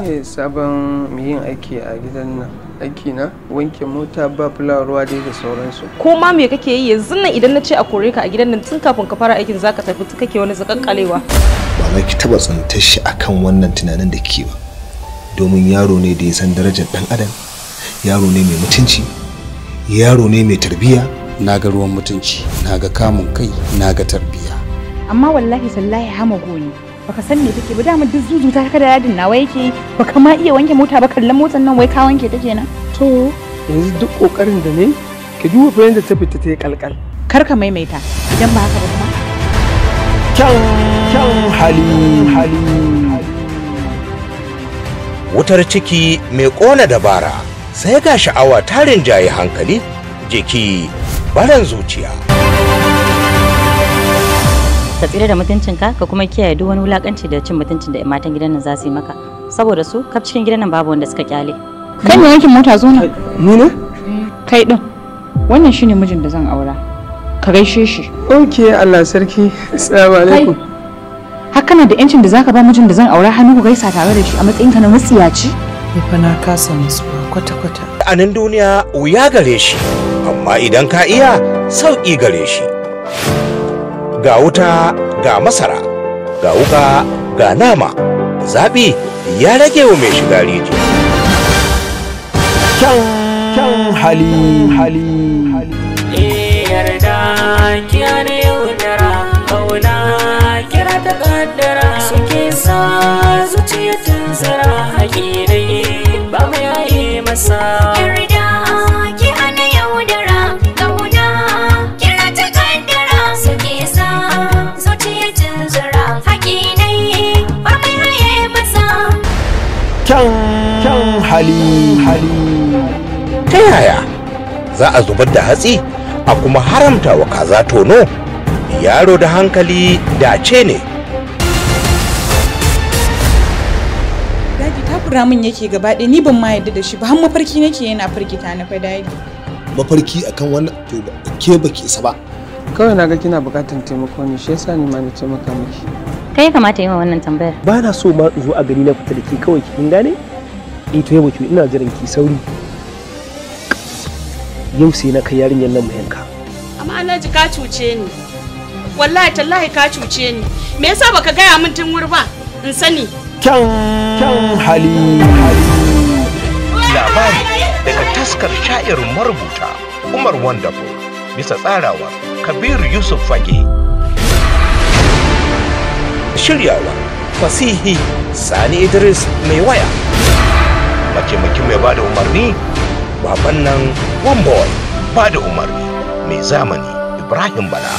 ne sabon yin aiki a gidan nan aiki na wanke mota ba ruwa dai da sauransu ko ma me kake yi yanzu nan idan na ce a kore ka a gidan nan tun kafin ka fara aikin zaka tafi kake wani zakakkalewa ba za ki taba tsantar shi akan wannan tunanin da ke ba domin yaro ne da ya san darajar dan adam yaro ne mai mutunci yaro ne mai tarbiyya na ga ruwan mutunci na ga kamun kai na ga tarbiyya amma wallahi sallahi hama goyi baka san me kake ba dama duk zuzuta ka da yadin nawa yake baka ma iya wanke mota ba kallon motsan nan wai ka wanke ta kenan to yanzu duk kokarin da ne ki duba fa yanda ta fita ta kalkal kar ka maimaita idan ba haka ba kuma kyan kyan hali hali wutar ciki mai kona dabara sai ga sha'awa tarin jaye hankali jiki baran zuciya ka tsira da mutuncinka ka kuma kiyaye duk wani wulakanci da cin mutuncin da matan gidan nan za su yi maka saboda su kaf cikin gidan nan babu wanda suka kyale kai ne yankin mota zo na ni ne kai din wannan shine mijin da zan aura ka gaishe shi okay Allah sarki assalamu alaikum hakana da yancin da zaka ba mijin da zan aura hannu ku gaisa tare da shi a matsayin ka na masiyaci ni fa na kasa musu kwata kwata a nan duniya wuya gare shi amma idan ka iya sauki gare shi ga wuta ga masara ga wuka ga nama zaɓi ya rage wa mai shiga rijiya kyan kyan hali hali yarda kiya ne yaudara kauna kira ta kaddara suke sa zuciya tunzara haƙi ba mai masa kyan hali ta yaya za a zubar da hatsi a kuma haramta wa kaza tono yaro da hankali dace ne daji takura min yake gaba ɗaya ni ban ma yadda da shi ba har mafarki nake yana firgita na fa daji mafarki akan wannan to ke baki sa ba kawai na ga kina bukatar taimako ne shi yasa ni ma na taimaka miki kai kamata yi wa wannan tambayar ba na so ma in zo a gani na fita da ke kawai kin gane eh to yau ina jiran ki sauri yau sai na kai yarinyar nan mu yanka amma Alhaji ka cuce ni wallahi tallahi ka cuce ni me yasa baka gaya min tun wuri ba in sani kyan kyan hali labari daga taskar sha'ir marubuta Umar Wonderful bisa tsarawa Kabir Yusuf Fage. Shiryawa Fasihi Sani Idris mai waya. Mataimakin mai bada umarni baban nan One Boy bada umarni mai zamani Ibrahim Bala.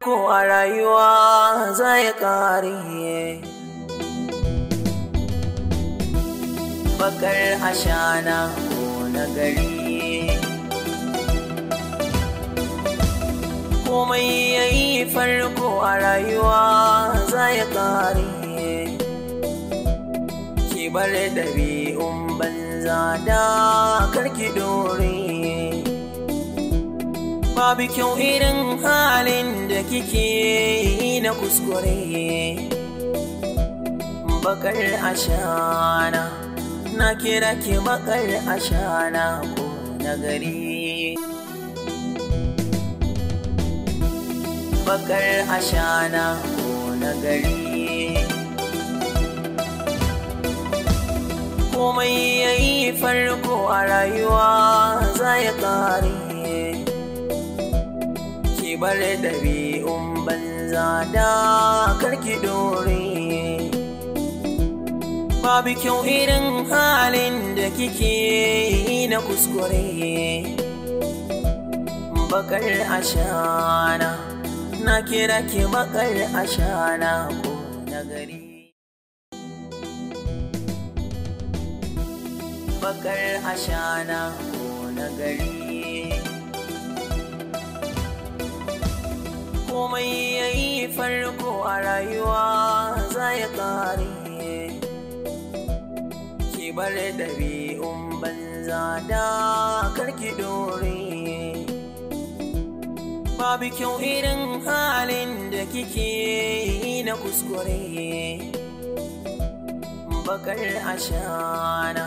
Kowa rayuwa zai kare. Bakar ashana ko na gari. komai ya yi farko a rayuwa za ya kare ki bar ɗabi'un banza da karki dore babu kyau irin halin da kike yi na kuskure bakar ashana na kira ki bakar ashana ko na bakar ashana ko na gari komai ya yi farko a rayuwa za ya kare ki bar ɗabi'un banza da karki dore babu kyau irin halin da kike yi na kuskure bakar ashana na kira ke makare a shana ko na gari bakar a shana ko na gari komai ya yi farko a rayuwa za ya kare ki bar ɗabi'un banza da karki dore babu kyau irin halin da kike yi na kuskure bakar ashana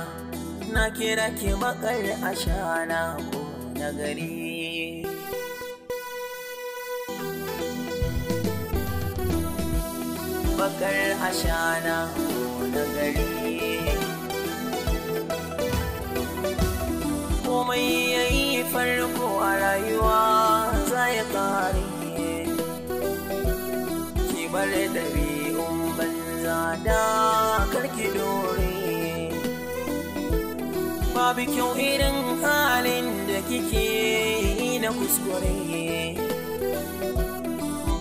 na kira ki bakar ashana ko na gari bakar ashana ko na gari komai yayi farko a rayuwa ya ƙare ki bar ɗabi'un banza da karki dore babu kyau irin halin da kike yi na kuskure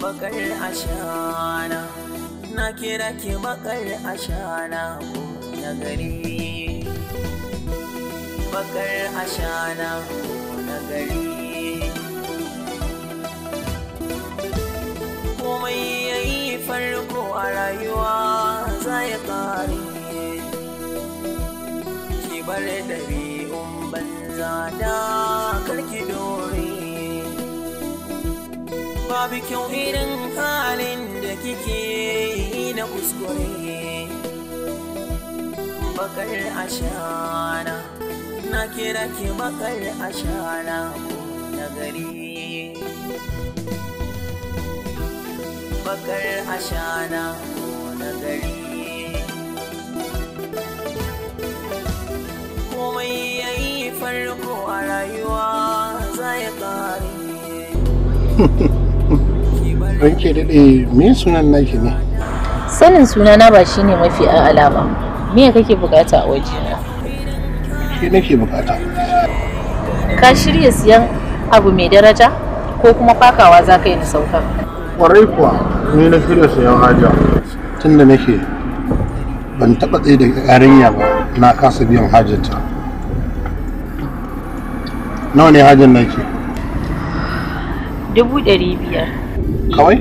bakar ashana na kira ki bakar ashana ko na gari bakar ashana ko na gari komai ya yi farko a rayuwa za ya ƙare ki bar ɗabi'un banza da karki dore babu kyau irin halin da kike yi na kuskure bakar ashana na kira ki bakar ashana ko na bakar ashana na gari komai ya yi farko a rayuwa za ya kare ranke daɗe me sunan naki ne sanin sunana ba shine mafi a alama me kake bukata a wajena ke nake bukata ka shirya siyan abu mai daraja ko kuma fakawa za ka yi na sauka kwarai kuwa ni na shirya sayan haja tun da nake ban taɓa tsaye da yarinya ba na kasa biyan hajjata nawa ne hajjar nake dubu ɗari biyar kawai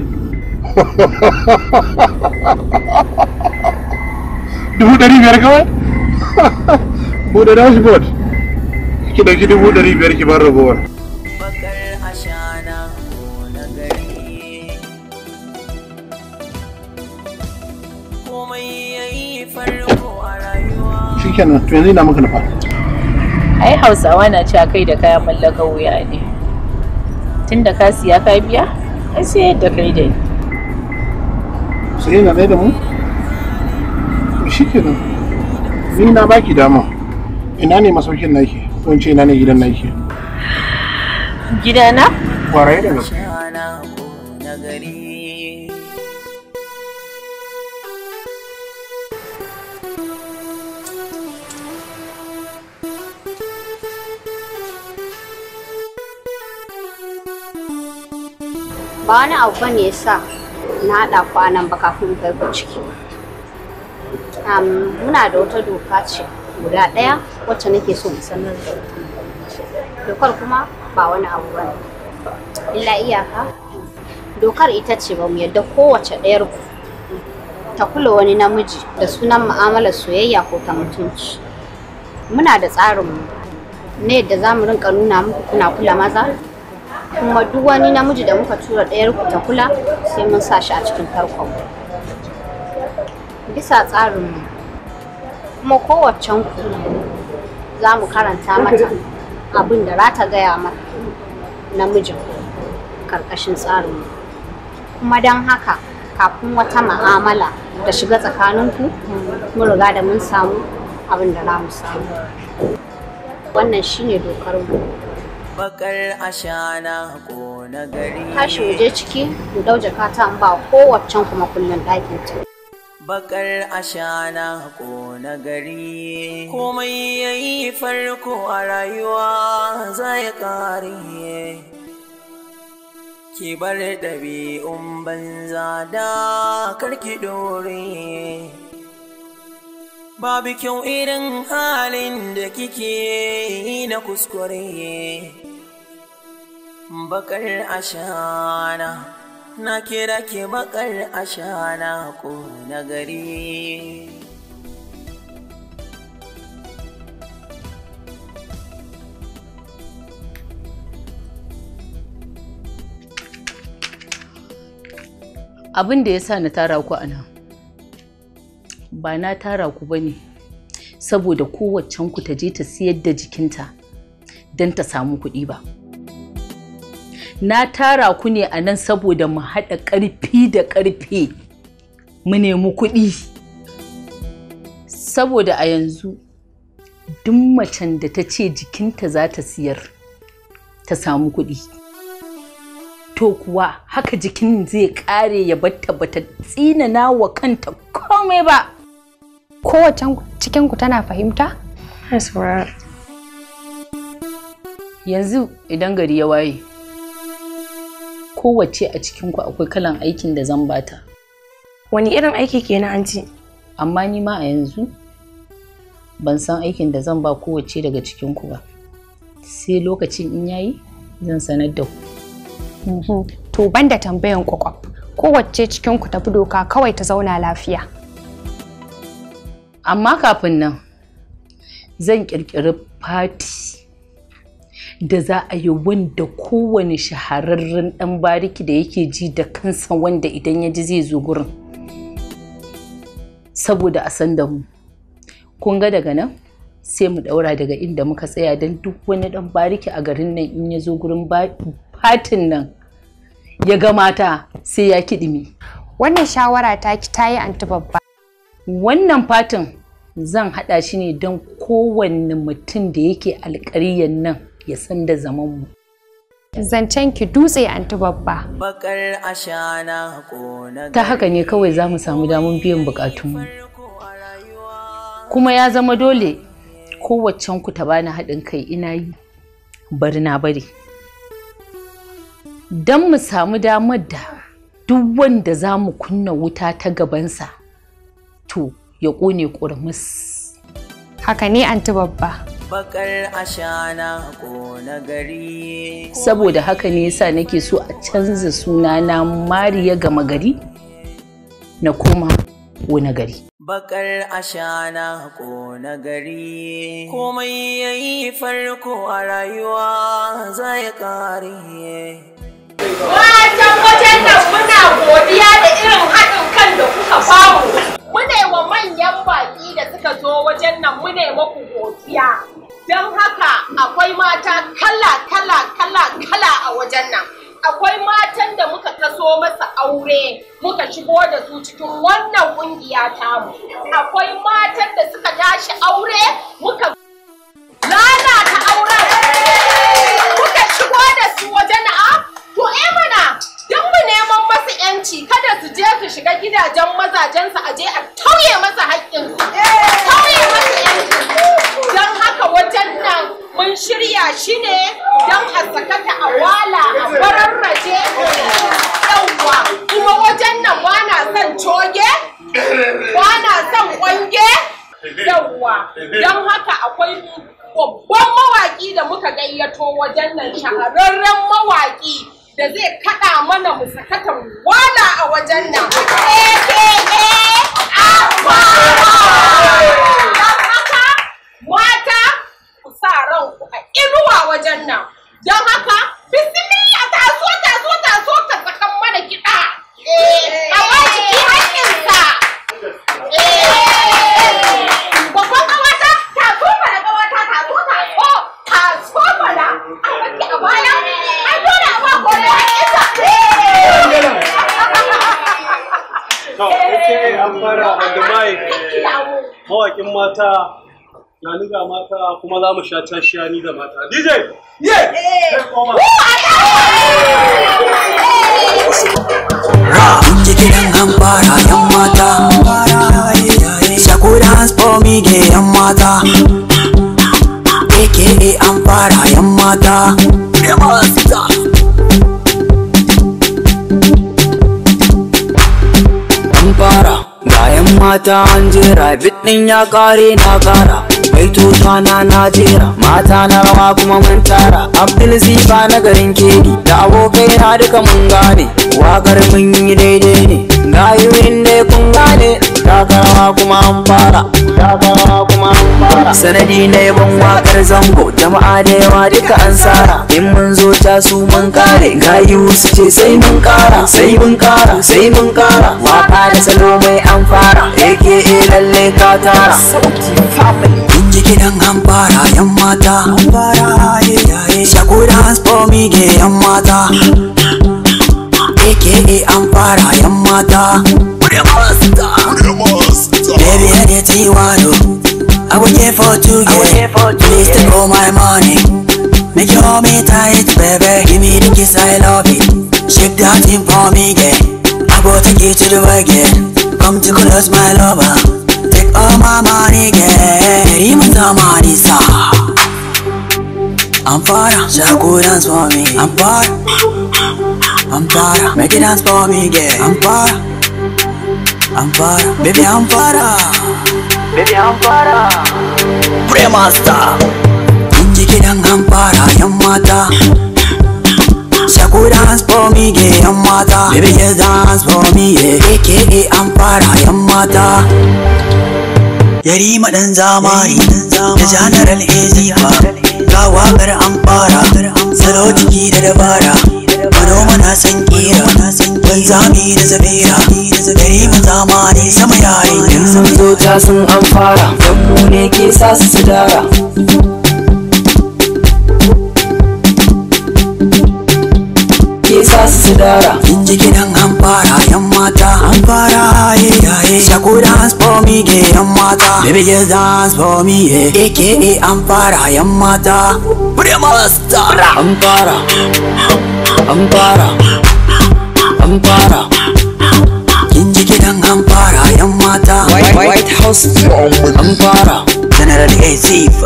dubu ɗari biyar kawai buɗe dashboard ki ɗauki dubu ɗari biyar ki bar ragowar shikenan to yanzu ina maka nufa ai hausawa na cewa kai da kayan mallakar wuya ne tunda ka siya ka biya ai sai yadda kai da ni sai na mai da mu to shikenan ni na baki dama ina ne masaukin naki ko in ce ina ne gidan naki gidana kwarai da gaske ba wani abu ne ya sa na haɗa kwanan ba kafin kai ku ciki muna da wata doka ce guda ɗaya wacce nake so mu sanar da dokar kuma ba wani abu ba ne illa iyaka dokar ita ce ba mu yadda kowace ɗayar ku ta kula wani namiji da sunan mu'amalar soyayya ko ta mutunci muna da tsarinmu na yadda za mu rinka nuna muku kuna kula maza kuma duk wani namiji da muka tura ɗayar ku ta kula sai mun sa shi a cikin tarkon bisa tsarinmu kuma kowaccen ku za mu karanta mata abin da ta gaya mata namijin karkashin tsarinmu kuma don haka kafin wata ma'amala da shiga tsakanin ku mun riga da mun samu abin da za mu samu wannan shine dokar mu bakar ashana ko na gari Ka shuje ciki ku dau jakata an ba waccan kuma kullun ɗakin ta bakar ashana ko na gari komai yayi farko a rayuwa zai kare ki bar ɗabi'un banza da karki dore babu kyau irin halin da kike yi na kuskure bakar ashana na kira ke bakar ashana ko na gari abin da ya na tara ku a nan ba na tara ku ba ne saboda kowaccen ku ta je ta siyar da jikinta don ta samu kuɗi ba. na tara ku ne a nan saboda mu haɗa ƙarfi da ƙarfe mu nemi kuɗi saboda a yanzu duk macen da ta ce jikinta za ta siyar ta samu kuɗi to kuwa haka jikin zai ƙare ya batta bata tsinana wa kanta komai ba kowace cikinku tana fahimta? yanzu idan gari ya waye kowace a cikin ku akwai kalan aikin da zan bata wani irin aiki kenan anti amma ni ma a yanzu ban san aikin da zan ba kowace daga cikin ku ba sai lokacin in yayi zan sanar da ku mhm. to banda tambayan kwakwaf kowace cikin ku tafi doka kawai ta zauna lafiya amma kafin nan zan kirkiri fati da za a yi wanda kowane shahararren ɗan bariki da yake ji da kansa wanda idan ya ji zai zo gurin saboda a san da mu kun ga daga nan sai mu ɗaura daga inda muka tsaya don duk wani ɗan bariki a garin nan in ya zo gurin fatin nan ya ga mata sai ya kiɗimi wannan shawara ta ki ta yi babba wannan fatin zan haɗa shi ne don kowanne mutum da yake alƙaryan nan ya sanda zaman mu Zancen ki dutse anti babba. Ta haka ne kawai za mu samu damar biyan bukatunmu. Kuma ya zama dole kowaccen ku ta bani haɗin kai ina yi bari na bari. Don mu samu damar da duk wanda za mu kunna wuta ta gabansa to ya ƙone ƙurmus. Haka ne anti babba. bakar ashana ko na gari saboda haka ne yasa nake so a canza sunana mariya gama gari na koma wani gari bakar ashana ko na gari komai yayi farko a rayuwa zai kare Wajen wajen nan muna godiya da irin haɗin kan da kuka bamu. Mune wa manyan baƙi da suka zo wajen nan mune yi maku godiya. don haka akwai mata kala kala kala kala a wajen nan akwai matan da muka taso masa aure muka shigo da su cikin wannan kungiya mu akwai matan da suka tashi aure muka ta auren muka shigo da su wajen a ah, to eh mana su yanci kada su je su shiga gidajen mazajensu a je a tauye masa haƙƙin tauye masa yanci don haka wajen nan mun shirya shi ne don a sakata a wala a bararraje yawwa kuma wajen nan ba na son coge ba na son ƙwange yawwa don haka akwai babban mawaƙi da muka gayyato wajen nan shahararren mawaƙi da zai kaɗa mana mu gwana wala a wajen nan. haka mata ku sa ranku a inuwa wajen nan. Don haka bisimila ta zo ta zo ta zo ta sakan mana kiɗa. Eh. mata ga mata kuma za mu sha tashiya ni da mata DJ ye eh, eh, eh. ra kunje kidan an fara yan mata shaku dance for me ge yan mata aka an fara yan mata mata an jera bit ɗin ya kare na kara mai tuta na na jera mata na rawa kuma mun tara abdul ziba na garin kedi da abokai na duka mun gane wakar mun yi daidai ne rayu ne kun gane takarawa kuma an fara kuma an fara sanadi na yaban wakar zango jama'a da yawa duka an in mun zo ta su mun kare gayu su ce sai mun kara sai mun kara sai mun kara waka da salo mai an fara ake lalle ka tara ji gidan hambara yan mata Hambara yaye yaye Shakura has for me ke yan mata ke an fara yan mata Baby anything you want to I will care for two get Please take all my money Make your hold me tight baby Give me the kiss I love it Shake that thing for me yeah I will take you to the again Come to close my lover Take all my money yeah Very much money sir I'm dance for me I'm far I'm fire. Make it dance for me, yeah. I'm fire. I'm fire. Baby, I'm fire. Baby, I'm fire. Premasta. Kun ji kidan an fara yan mata. Shaku dance for me, yeah, yan mata. Baby, yes, dance for me, yeah. AKA an fara yan mata. Yari madan zamani, da janar al'azifa, ga waƙar an fara, salo jiki da dabara. Roma na san kira Ban zami da zabira Gari mu zamani sama yayi Yan sun zo ta sun an fara Yan ne ke sa su dara Ke sa su dara In ji gidan an fara yan mata An fara ye yaye Shago dance for me ge yan mata Baby just dance for me ye eh. AKA eh, an fara yan mata Prima star An fara an fara an fara kin ji gidan an fara yan mata white house an fara general azif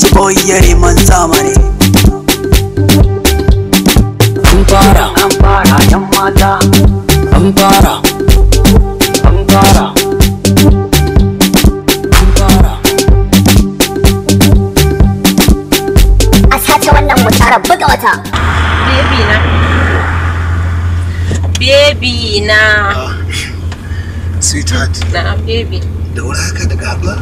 su boyare man zamani an fara an fara yan mata an fara na ah, sweetheart na baby da wuri haka daga haɗuwa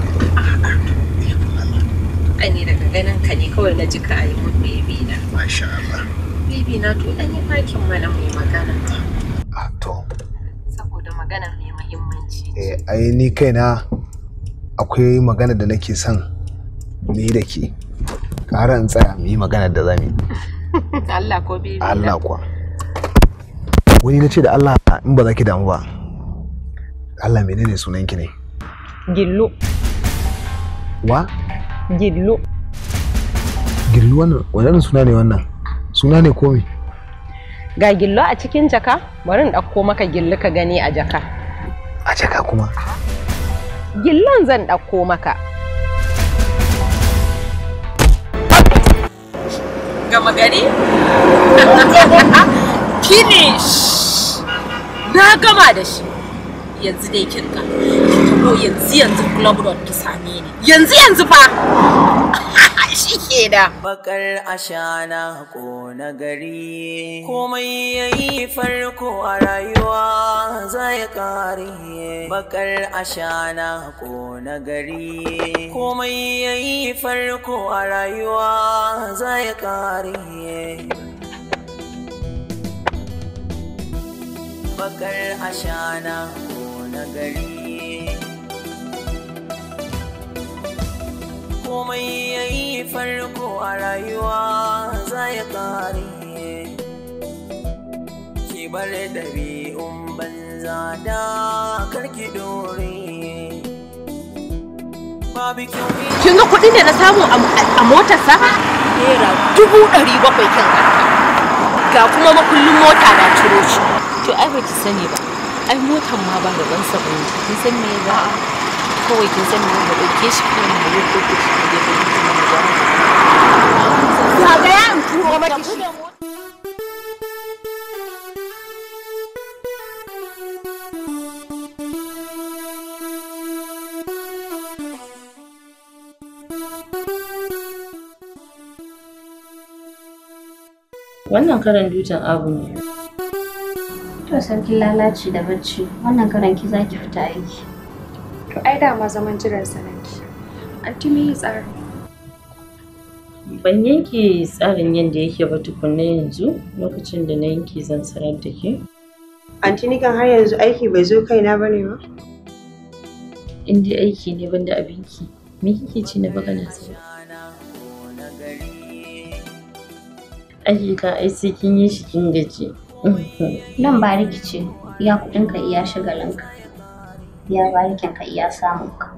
ai ne daga ganin ka ne kawai na ji ka yi mun baby na masha Allah baby na to dan yi fakin mana mai magana a ah, to saboda magana mai muhimmanci eh ai ni kaina akwai magana da nake son ni da ke ƙara in tsaya mu yi magana da zamu Allah ko baby Allah ko. wani na ce da Allah in ba za ki damu ba Allah menene sunan ki ne gillo wa gillo gillo wannan wannan suna ne wannan suna ne ko me ga gillo a cikin jaka bari in ɗauko maka gillo ka gani a jaka a jaka kuma gillon zan ɗauko maka gama gari finish na gama da shi yanzu dai kin ka ko yanzu yanzu club road ta same ni yanzu yanzu fa shi ke da bakar ashana ko na gari komai yayi farko a rayuwa zai kare bakar ashana ko na gari komai yayi farko a rayuwa zai kare bakar ashana ko na gari komai ya yi farko a rayuwa za ya kare ki bar ɗabi'un banza da karki dore kin ga kuɗin da na samu a motarsa naira dubu ɗari bakwai kin ga kuma makullin mota na ciro shi to ai ba ki sani ba ai motan ma ba gaban sa ba ne kin san me ba kawai kin san me ba ke shi ko ne yi ko ki shi ba ga yan ku ya ki wannan karan dutan abu ne To sarki lalaci da bacci wannan karan ki za ki fita aiki. To ai da ma zaman jiran sanaki. an me tsari? Ban yanke tsarin yadda yake ba tukunna yanzu lokacin da na yanke zan sanar da ke. Anti nikan har yanzu aiki bai zo kaina ba ne ba? In dai aiki ne banda abinki. Me kike ci na na sai? Aiki ka ai sai kin yi shi kin gaji. Nan ba rikice, iya kuɗinka iya shagalinka, iya barikinka iya samunka.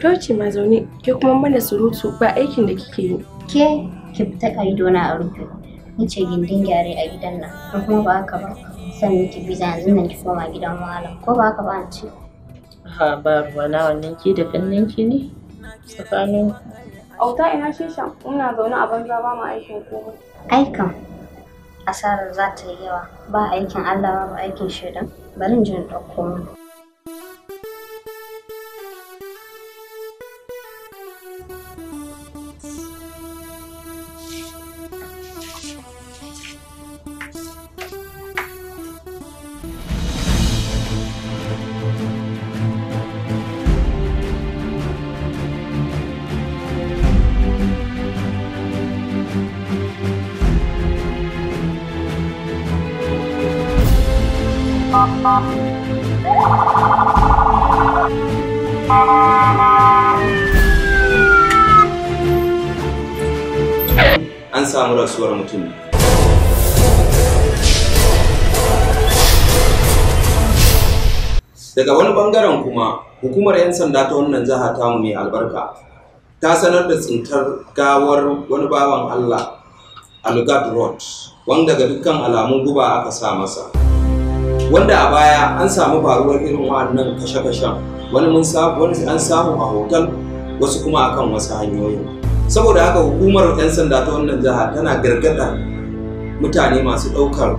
Toci ma zaune, ke kuma mana surutu ba aikin da kike yi. Ke, ki fita ƙa'idona a rufe, ni ce gindin gyare a gidan nan, in kuma ba haka ba, sannan ki biza yanzu nan ki koma gidan malam, ko ba haka ba ce. Ha ba ruwana wannan ki da fannin ki ne, tsakanin. Auta ina shishan, ina zaune a banza ba ma aikin komai. Aikan, asarar za ta yi yawa ba aikin Allah ba aikin shaidan barin jin ɗauko daga wani bangaren kuma hukumar 'yan sanda ta wannan jiha mu mai albarka ta sanar da tsintar gawar wani bawan allah algad road wanda ga dukkan alamun guba aka sa masa wanda a baya an samu faruwar irin wannan kashe-kashen wani mun wani an samu a hotel wasu kuma akan wasu hanyoyin saboda haka hukumar 'yan sanda ta wannan jiha tana gargada mutane masu ɗaukar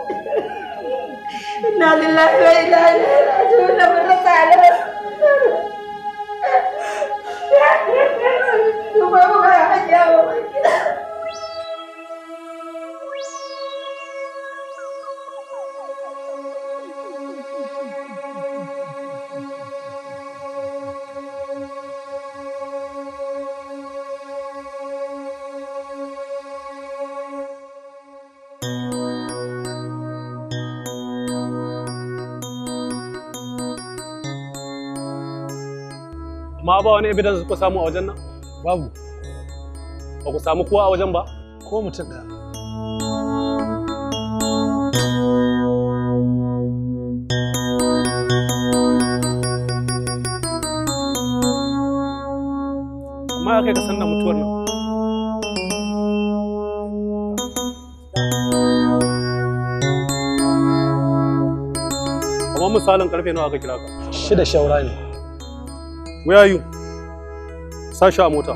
inna lillahi wa inna ilaihi raji'un da mun rasa alalar Dubai ba ya hajiya ba ba wani evidence da kuka samu a wajen nan babu ba ku samu kowa a wajen ba ko mutum ɗaya amma ya kai ka san da mutuwar nan kamar misalin karfe nawa aka kira ka shida shaura ne Where are you? Sasha a mota.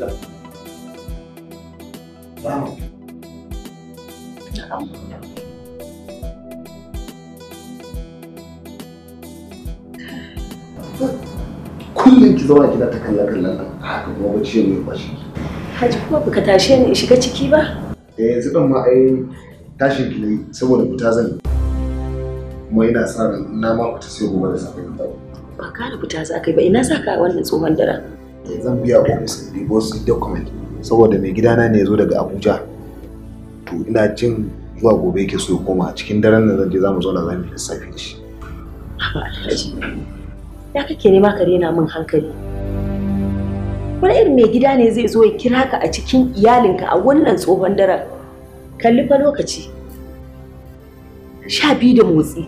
tafiya Wow. kullum ki zauna gida ta kalla kallon nan a haka kuma bacci ne ba shi haji kuma baka tashe ni shiga ciki ba eh yanzu dan ma ai tashin ki ne saboda fita zan yi kuma ina sa ran na ma ta sai gobe da safe ba ka da fita za ka yi ba ina sa ka wannan tsohon daren Eh, zan biya ofis in document saboda mai gidana ne ya zo daga abuja to ina jin zuwa gobe yake so ya koma cikin daren nan zan je za mu zauna za mu lissafi da shi ya kake nema ka rena min hankali wani irin mai gida ne zai zo ya kira ka a cikin iyalinka a wannan tsohon daren kalli fa lokaci sha biyu da motsi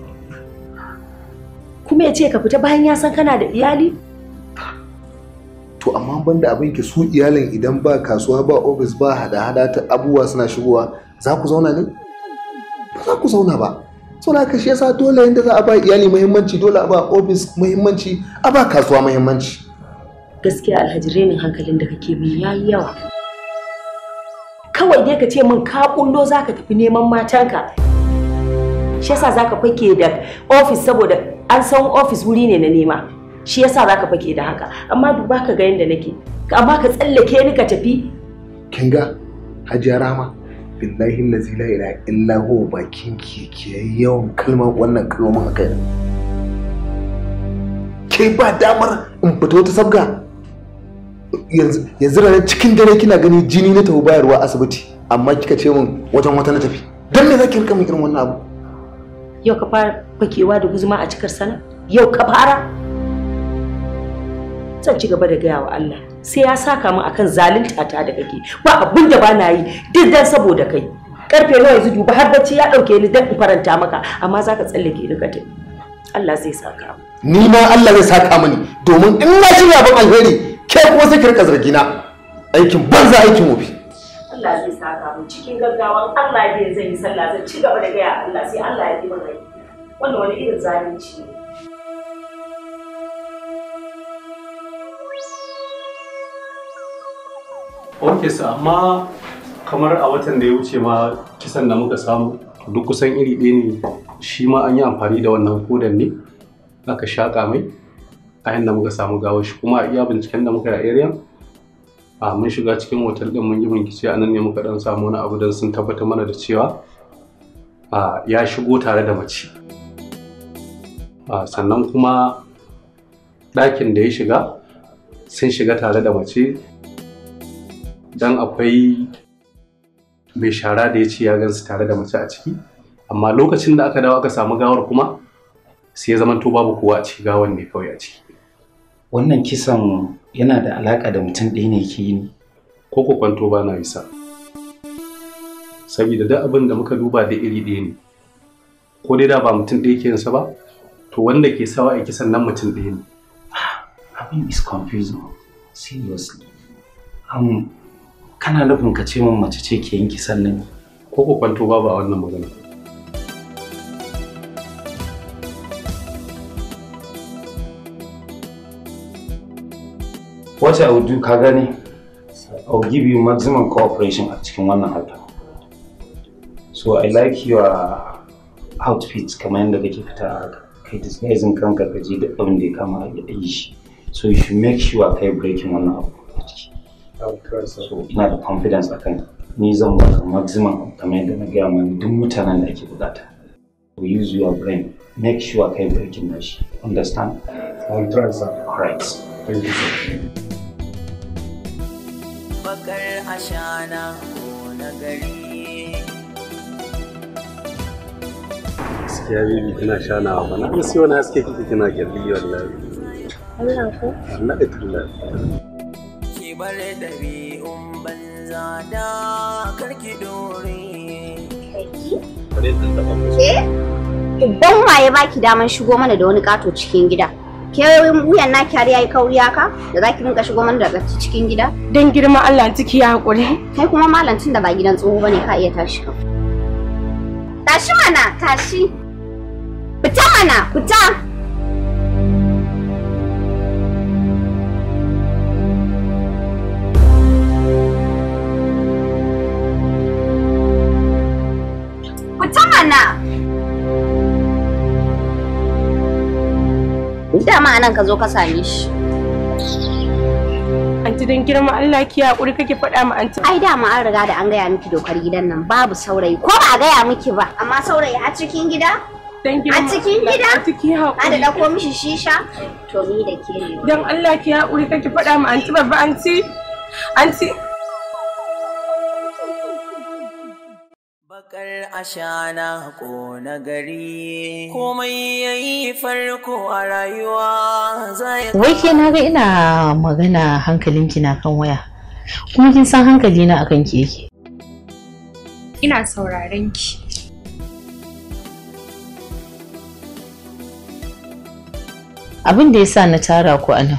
kuma ya ce ka fita bayan ya san kana da iyali to amma banda abin ki su iyalin idan ba kasuwa ba ofis ba hada-hada ta abubuwa suna shigowa za ku zauna ne ba za ku zauna ba saboda haka shi yasa dole inda za a ba iyali muhimmanci dole a ba ofis muhimmanci a ba kasuwa muhimmanci gaskiya alhaji renin hankalin da kake bi yayi yawa kawai dai ka ce min ka kullo zaka tafi neman matanka shi yasa zaka fake da ofis saboda an san ofis wuri ne na nema shi yasa zaka fake da haka amma duba ka ga yadda nake amma ka tsallake ni ka tafi kin ga hajiya rama billahi allazi la ila illa huwa bakin ki ke yawan kalmar wannan kalmar haka ke ba damar in fito ta sabga yanzu ranar cikin dare kina gani jini na tafi bayarwa asibiti amma kika ce min wajen wata na tafi don me zaki rika min irin wannan abu yau ka fara fakewa da guzuma a cikar sana yau ka fara zan ci gaba da gaya wa Allah sai ya saka mu akan zalunta ta da kake ba abin da ba na yi duk dan saboda kai karfe nawa yanzu duba har bacci ya dauke ni dan in faranta maka amma zaka tsallake ni ka Allah zai saka mu ni ma Allah zai saka mani domin in na shirya ban alheri ke kuma sai kirka zargina aikin banza aikin wofi Allah zai saka mu cikin gaggawa Allah ya zai yi sallah zan ci gaba da gaya Allah sai Allah ya yi mana wannan wani irin zalunci ne ok sa amma kamar a watan da ya wuce ma kisan da muka samu duk kusan iri ɗaya ne shi ma an yi amfani da wannan kodan ne aka shaƙa mai a yadda muka samu gawar shi kuma a iya binciken da muka yi a area a mun shiga cikin hotel ɗin, mun yi bincike a nan ne muka dan samu wani abu don sun tabbatar mana da cewa a ya shigo tare da mace sannan kuma ɗakin da ya shiga sun shiga tare da mace don akwai mai shara da ya ce ya gansu tare da mace a ciki amma lokacin da aka dawo aka samu gawar kuma sai ya zamanto babu kowa a ciki gawar ne kawai a ciki wannan kisan yana da alaka da mutum ɗaya ne ke yi ko ku kwanto ba na isa saboda duk abin da muka duba da iri ɗaya ne ko dai da ba mutum ɗaya ke yinsa ba to wanda ke sawa a kisan nan mutum ɗaya ne ah, abin is confusing seriously um, kana nufin ka ce min mace ce ke yin kisan nan ko ko kwanto babu a wannan magana What I would do ka gane I'll give you maximum cooperation a cikin wannan harkar so I like your outfits kamar yadda kake fita a kai disguising kanka ka ji da abin da ya kama a yi shi so you should make sure kai breaking wannan abu ina da confidence a akan ni zan baka maximum kamar yadda na gaya mani duk mutanen da ake bukata we use your brain make sure kai breaking shi understand i'll try sir all right thank you sir bakar ashana ko na gari gaskiya bibi kina shanawa ba na sai wani haske kike kina girbi wallahi Allah ko Allah ita Allah bar ɗabi'un banza da karki dore. Ke? waye baki daman shigo mana da wani ƙato cikin gida. Ke wuyan na kyari yayi kauri haka da zaki rinka shigo mana daga cikin gida? Dan girma, Allah ciki ya hakuri. Kai kuma malantin da ba gidan tsoho bane ka iya tashi ka. Tashi mana, tashi. Fita mana, fita. dama anan ka zo ka same shi anti dan girma Allah ki hakuri kake faɗa ma anti ai dama an riga da an gaya miki dokar gidan nan babu saurayi ko ba a gaya miki ba amma saurayi a cikin gida a cikin gida a cikin ko da ɗauko mishi shisha to ni da ke ne dan Allah ki hakuri kake faɗa ma anti babba anti anti ashana ko na komai yayi farko a rayuwa zai wai ke na ga ina magana hankalinki na kan waya kuma kin san hankali na akan ki yake ina sauraron ki abin da yasa na tara ku anan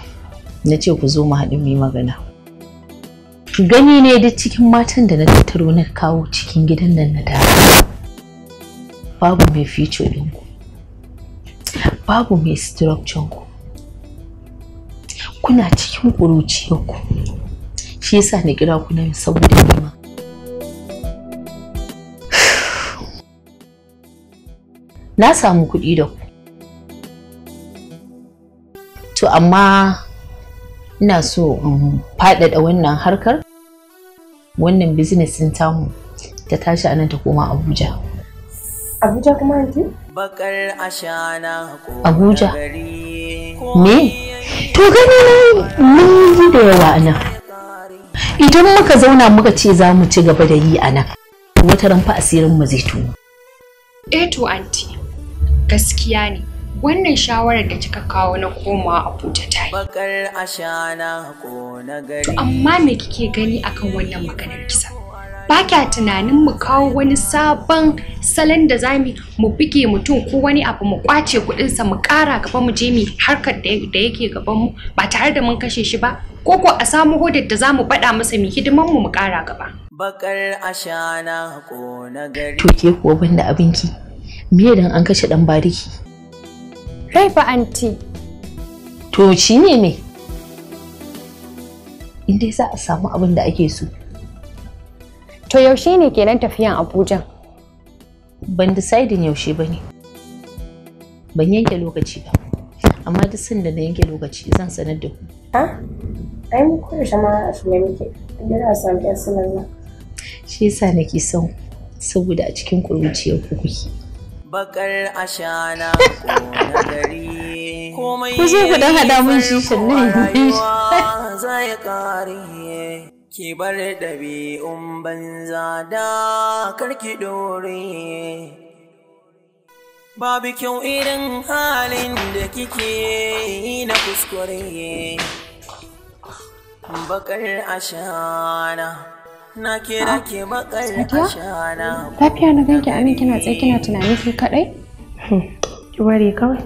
na ce ku zo mu haɗu mu magana gani ne duk cikin matan da na tattaro na kawo cikin gidan nan na dara babu mai fice ɗinku babu mai structure ku kuna cikin ƙuruciyarku shi yasa na kira ku nan saboda ma. na samu kuɗi da ku to amma ina so in faɗaɗa wannan harkar wannan business ɗin tamu ta tashi nan ta koma abuja Abuja kuma anti? Bakar ashana ko Abuja. Me? To gani mun yi da yawa a nan. Idan muka zauna muka ce za mu ci gaba da yi a nan, wata ran asirin mu zai tuno. Eh to anti, gaskiya ne. Wannan shawarar da kika kawo na komawa Abuja ta yi. Bakar ashana ko na Amma me kike gani akan wannan maganar kisa? ba kya tunanin mu kawo wani sabon salon da za mu bige mutum ko wani abu mu kwace kuɗinsa mu ƙara gaba mu je mu harkar da yake gaban mu ba tare da mun kashe shi ba ko ko a samu hodar da za mu baɗa masa mu hidiman mu mu ƙara gaba. Bakar ashana ko na gari. To ke kuwa banda abinki me dan an kashe dan bariki. Kai fa anti. To shi ne me? In dai za a samu abin da ake so To yaushe ne kenan tafiyan Abuja? Ban decidin yaushe ba ne. Ban yanke lokaci ba. Amma duk sanda na yanke lokaci zan sanar da ku. Ha? Ai mu kuma shama a shirye muke. Ina son kai sanar nan. Shi yasa nake son saboda a cikin kuruciyar ku kuke. Bakar ashana ko na gari. Komai. Ku zo ku dan hada mun shi shin nan. Zai kare. Ki bar ɗabi'un banza da karki dore. Babu kyau irin halin da kike yi na kuskure. Bakar ashana, na kira ah, ke bakar ashana. Lafiya na ganki amin kina tsaye kina tunani kaɗai? Hmm, ki ware kawai.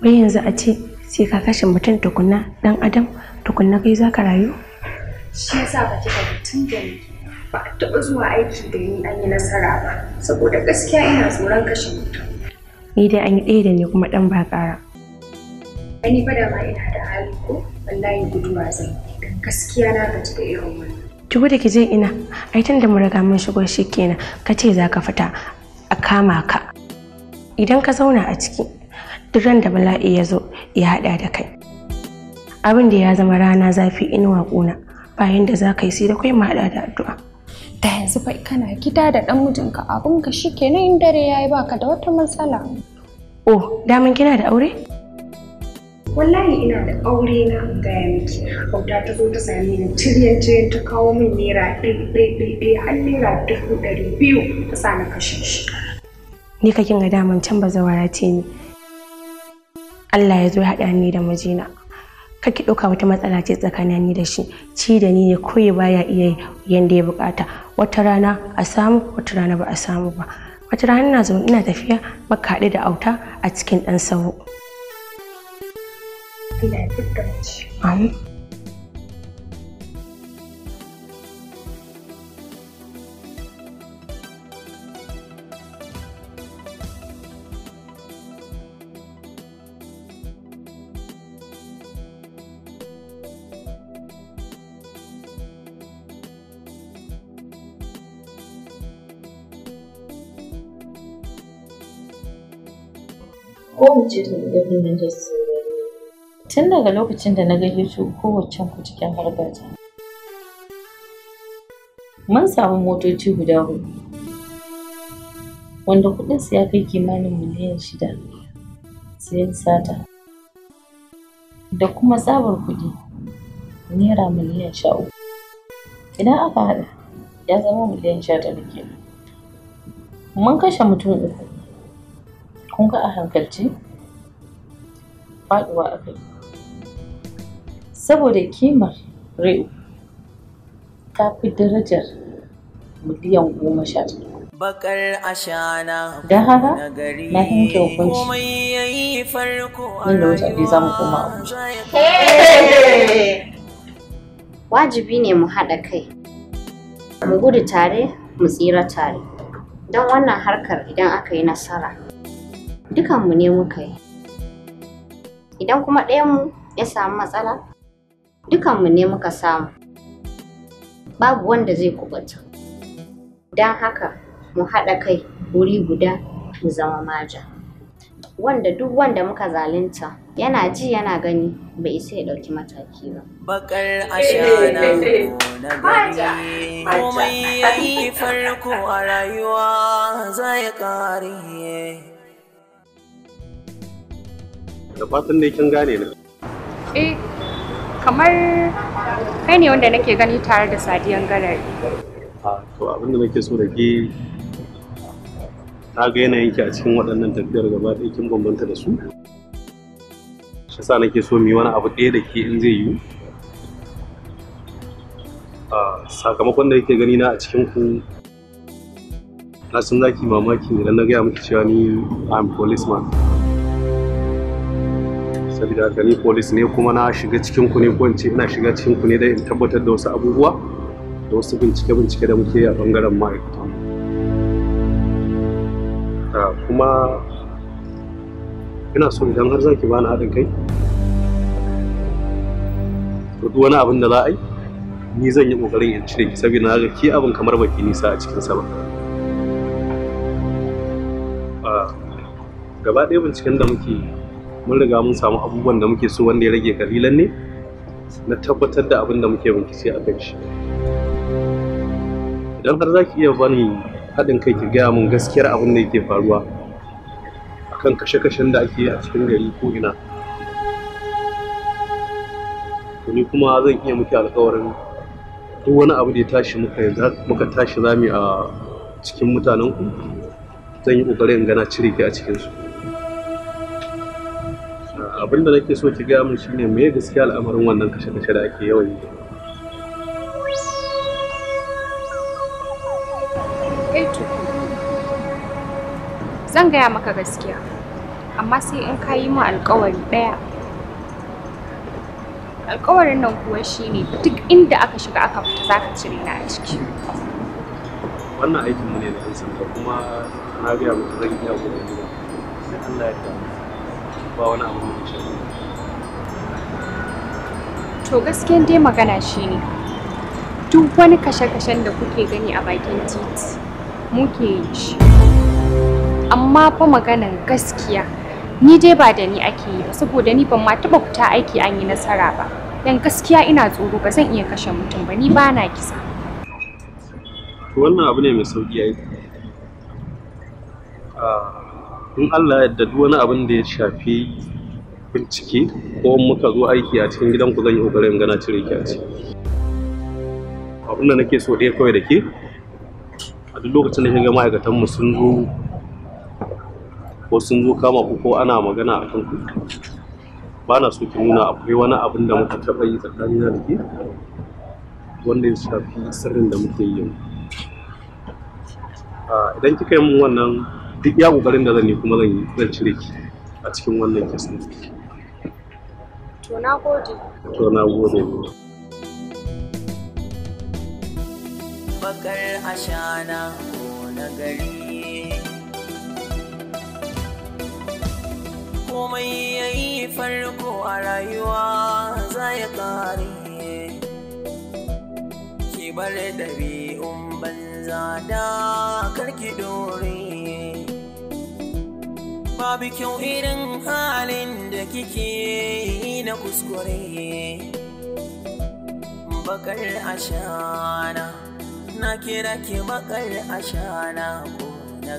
Wai yanzu a ce sai ka kashe mutum tukunna dan adam tukunna kai za ka rayu? shi yasa ba ta ga tun da ni ba a taɓa zuwa aiki da ni an yi nasara ba saboda gaskiya ina tsoron kashe mutum ni dai an yi ɗaya da ni kuma ɗan ba ƙara ni fa da ma ina da hali ko wallahi guduwa zan gaskiya na gaji da irin wannan ki gudu ki je ina ai tun da mu riga mun shigo shi kenan ka ce za ka fita a kama ka idan ka zauna a ciki duk ran da bala'i ya zo ya haɗa da kai abin da ya zama rana zafi inuwa ƙuna bayan da za ka yi sai da kai maɗa da addu'a Ta yanzu fa kana gida da ɗan mijinka abin ka shi kenan in dare ya yi baka da wata matsala oh daman kina da aure wallahi ina da aure na gaya miki bauta ta zo ta same ni ciryan ciryan ta kawo min naira ɗaya, har naira dubu ɗari biyu ta sa na kashe shi ni ka kin ga daman can bazawara ce ni Allah ya zo ya haɗa ni da mijina kake ɗauka wata matsala ce tsakanin ni da shi ci da ni ne koyi baya iya yanda ya bukata wata rana a samu wata rana ba a samu ba wata rana ina zaune ina tafiya baka da auta a cikin ɗan sahu. kowace ta da kunnen da su tun daga lokacin da na gaje su kowace ku cikin harbata. mun samu motoci guda hudu wanda kuɗinsu ya kai kimanin miliyan shida sayan sata da kuma tsabar kuɗi naira miliyan sha uku idan aka haɗa ya zama miliyan sha tara kenan mun kashe mutum uku kun ga a hankalci faɗuwa aka yi saboda kimar reu ta fi darajar miliyan goma sha bakar ashana da haka na hinke hukunci inda wata ɗaya za mu koma wajibi ne mu haɗa kai mu gudu tare mu tsira tare don wannan harkar idan aka yi nasara dukanmu ne muka yi idan kuma ɗayanmu ya samu matsala dukanmu ne muka samu babu wanda zai kubuta don haka mu haɗa kai wuri guda mu zama maja wanda duk wanda muka zalunta yana ji yana gani bai isa ya ɗauki mataki ba. Bakar a shana eh, eh, na eh. gani komai ya yi farko a rayuwa za ya ƙare. da fatan dai kin gane ni eh kamar kai ne wanda nake gani tare da sadiyan A, to abin da nake so da ke na ga yanayin ki a cikin waɗannan tafiyar gaba ɗaya kin bambanta da su shi yasa nake so mu yi wani abu ɗaya da ke in zai yiwu sakamakon da yake gani na a cikin ku na san zaki mamaki idan na gaya miki cewa ni am policeman saboda haka ni polis ne kuma na shiga cikin ku ne ko in ce ina shiga cikin ku ne dai in tabbatar da wasu abubuwa da wasu bincike bincike da muke a bangaren ma'aikata ah, kuma ina so idan har zaki bani haɗin kai to duk wani abin da za a yi ni zan yi ƙoƙarin in cire ki saboda na ga ki abin kamar baki nisa a cikin sa ba ah, gaba ɗaya binciken da muke mun riga mun samu abubuwan da muke so wanda ya rage kalilan ne na tabbatar da abin da muke sai a kan shi idan har zaki iya bani haɗin kai ki gaya mun gaskiyar abin da yake faruwa akan kashe-kashen da ake a cikin gari ko ina ni kuma zan iya muke alkawarin duk wani abu da ya tashi muka tashi zami a cikin mutanen ku zan yi ƙoƙarin gana cire ki a cikinsu Abin da nake so ki gaya min shine me gaskiya al'amarin wannan kashe-kashe da ake yawan yi eh zan gaya maka gaskiya amma sai in ka yi min alkawari ɗaya alkawarin nan kuwa shine duk inda aka shiga aka fita za ka cire na a ciki wannan aikin mu ne da an sanda kuma na gaya mutu zan iya sai Allah ya kawo ba wani abu shi to gaskiyan dai magana shine duk wani kashe-kashen da kuke gani a bakin titi muke yi shi amma fa maganan gaskiya ni dai ba da ni ake yi ba saboda ni ban ma taba fita aiki an yi nasara ba dan gaskiya ina tsoro ba zan iya kashe mutum ba ni ba na kisa wannan abu ne mai sauki in Allah yadda duk wani abin da ya shafi bincike ko muka zo aiki a cikin gidanku zan yi kokarin gana cire ki a ci abin da nake so ɗaya kawai da ke a duk lokacin da ke ga ma'aikatan mu sun zo ko sun zo kama ku ko ana magana a kanku ba na so ki nuna akwai wani abin da muka taɓa yi tsakanin da ke wanda ya shafi sirrin da muke yi ah, idan kika yi mun wannan duk ya kokarin da zan yi kuma zan yi zan cire ki a cikin wannan kisa to na gode to na gode bakar ashana ko na gari komai ya yi farko a rayuwa za ya kare ki bar ɗabi'un banza da karki dore babu kyau irin halin da kike yi na kuskure bakar ashana na kira ki bakar ashana ko na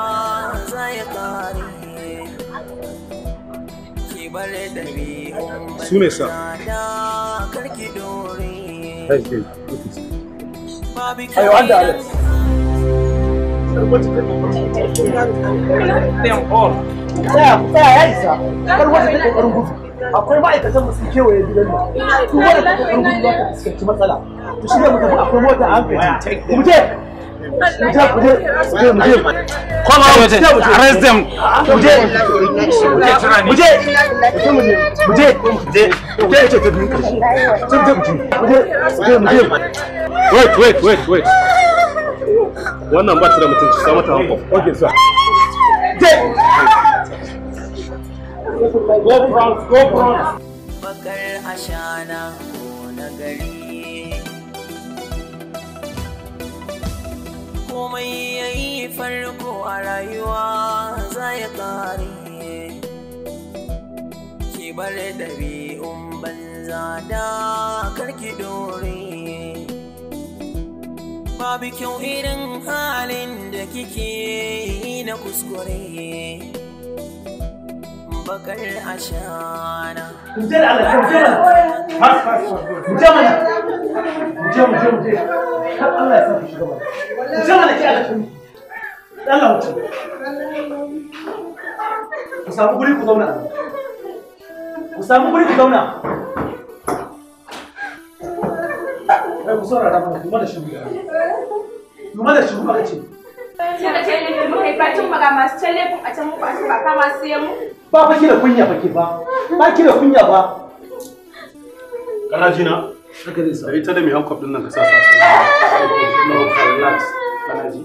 su ne sa akwai ma'aikatan masu kewaye gidan nan su wanda ta kokarin gudu ta fuskanci matsala to shi ne akwai mota mu je mu je mu je mu je Come out. Arrest them. Muje. Muje. Wait, wait, wait, wait. Okay, sir. Go Bronx, go Bronx. Bakar ashana komai ya yi farko a rayuwa za ya kare ki bar ɗabi'un banza da karki dore babu kyau irin halin da kike yi na kuskure bakar ashana. Ku je mu je mu je har ya saka shiga bana ku je mana ki aka tuni Allah wuce ku samu guri ku zauna ku samu guri ku zauna kai ku saurara kuma da kuma da a Ba fa kunya fa ba. Ba ki kunya ba. Kana Haka zai sa. Ita da mai hankwaf ɗin nan ka sa sa su. No, relax. Kana ji?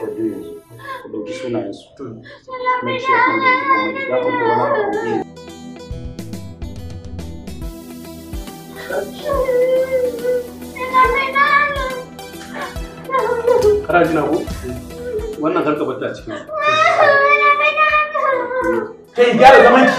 yanzu. Ku ɗauki sunayensu. kuma ya ne. Kana na Wannan karka batta cikin. Kai gyara zamanki.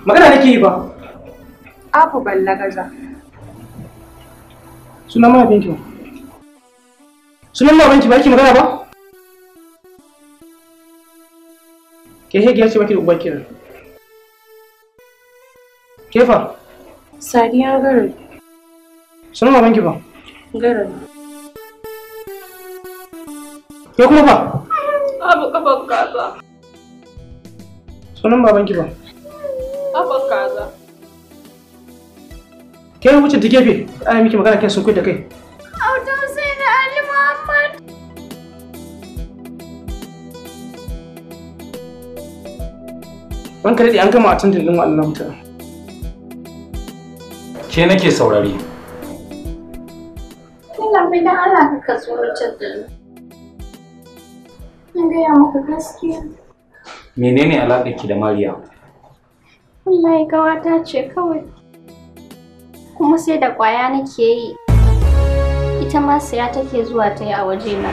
magana nake yi ba afu ballagaza sunan mana binki sunan mana binki ba ki magana ba ke hege ya ce baki da uba kenan kefa sariya garin sunan maman binki ba garin ke kuma ba abu kafan kaka sunan baban ki ba Kafar kaza. Ke wuce ta gefe, ana miki magana kyan sun da kai. Autan sai na Ali Muhammad. Ranka daɗe an gama a tantin ɗin waɗannan mutane. Ke nake saurari. Allah bai dan Allah ka ka tsoratar da ni. In gaya maka gaskiya. Menene alaƙarki da Mariya? wallahi gawata ce kawai kuma sai da kwaya nake yi ita ma siya take zuwa ta yi a na.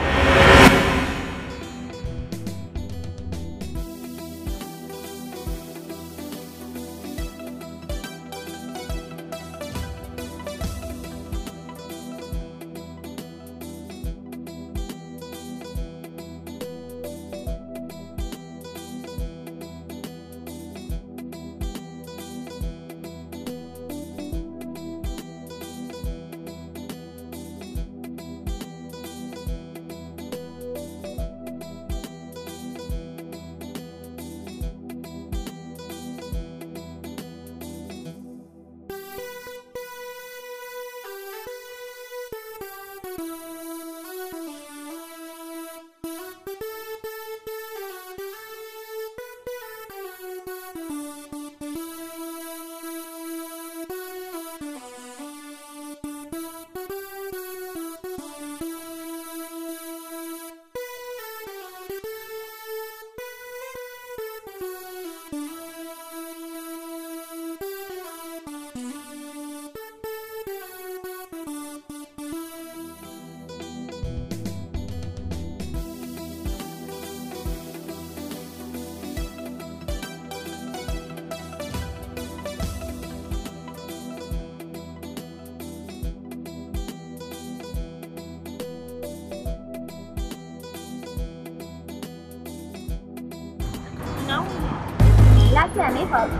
lafiya faru?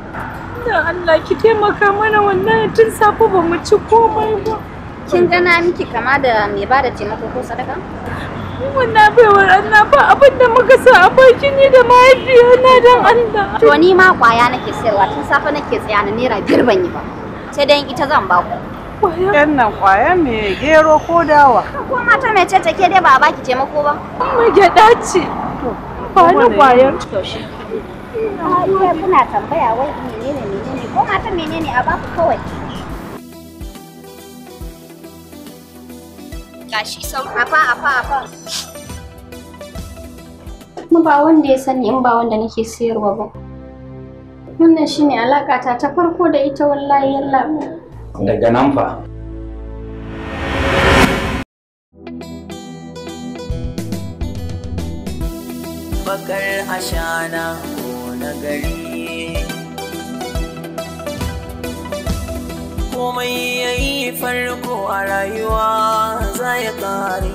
Da Allah ki taimaka mana wannan tun safe ba mu ci komai ba. Kin gana miki kama da mai ba da taimako ko sadaka? Wannan baiwar Allah ba abin da muka sa a baki ni da mahaifiya na don Allah. To ni ma kwaya nake sayarwa tun safe nake tsaya na naira biyar ban yi ba. Sai dai ita zan ba ku. kwaya? Yan nan kwaya me gero ko dawa. Ko mata mai ce take dai ba a baki taimako ba. Mu gyaɗa ce. To, ba ni kwayar. To shi. wai kuna tambaya wai menene menene ko mata menene a baku kawai gashi sau afa afa afa kuma ba wanda ya sani in ba wanda nake sayarwa ba wannan shine alakata ta farko da ita wallahi yalla daga nan fa bakar ashana na gari komai ya yi farko a rayuwa za ya ƙare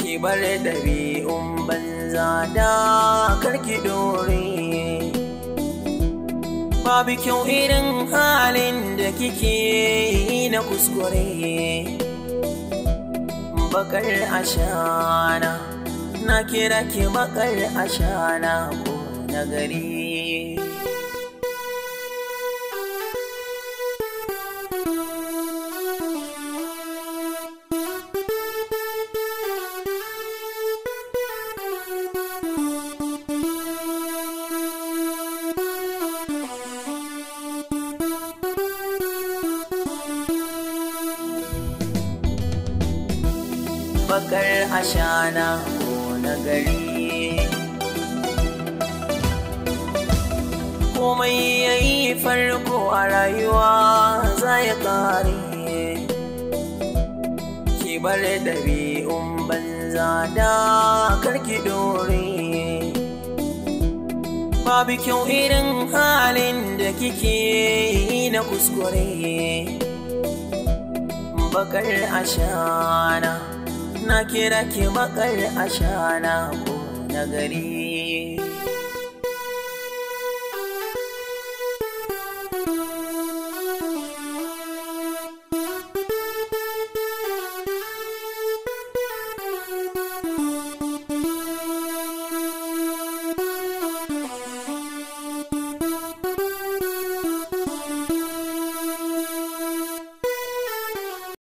ki bar ɗabi'un banza da karki dore babu kyau irin halin da kike yi na kuskure bakar ashana na kira ke bakar ashana ko na gari gada karki dore babu kyau irin halin da kike yi na kuskure bakar ashana na kira ki bakar ashana ko na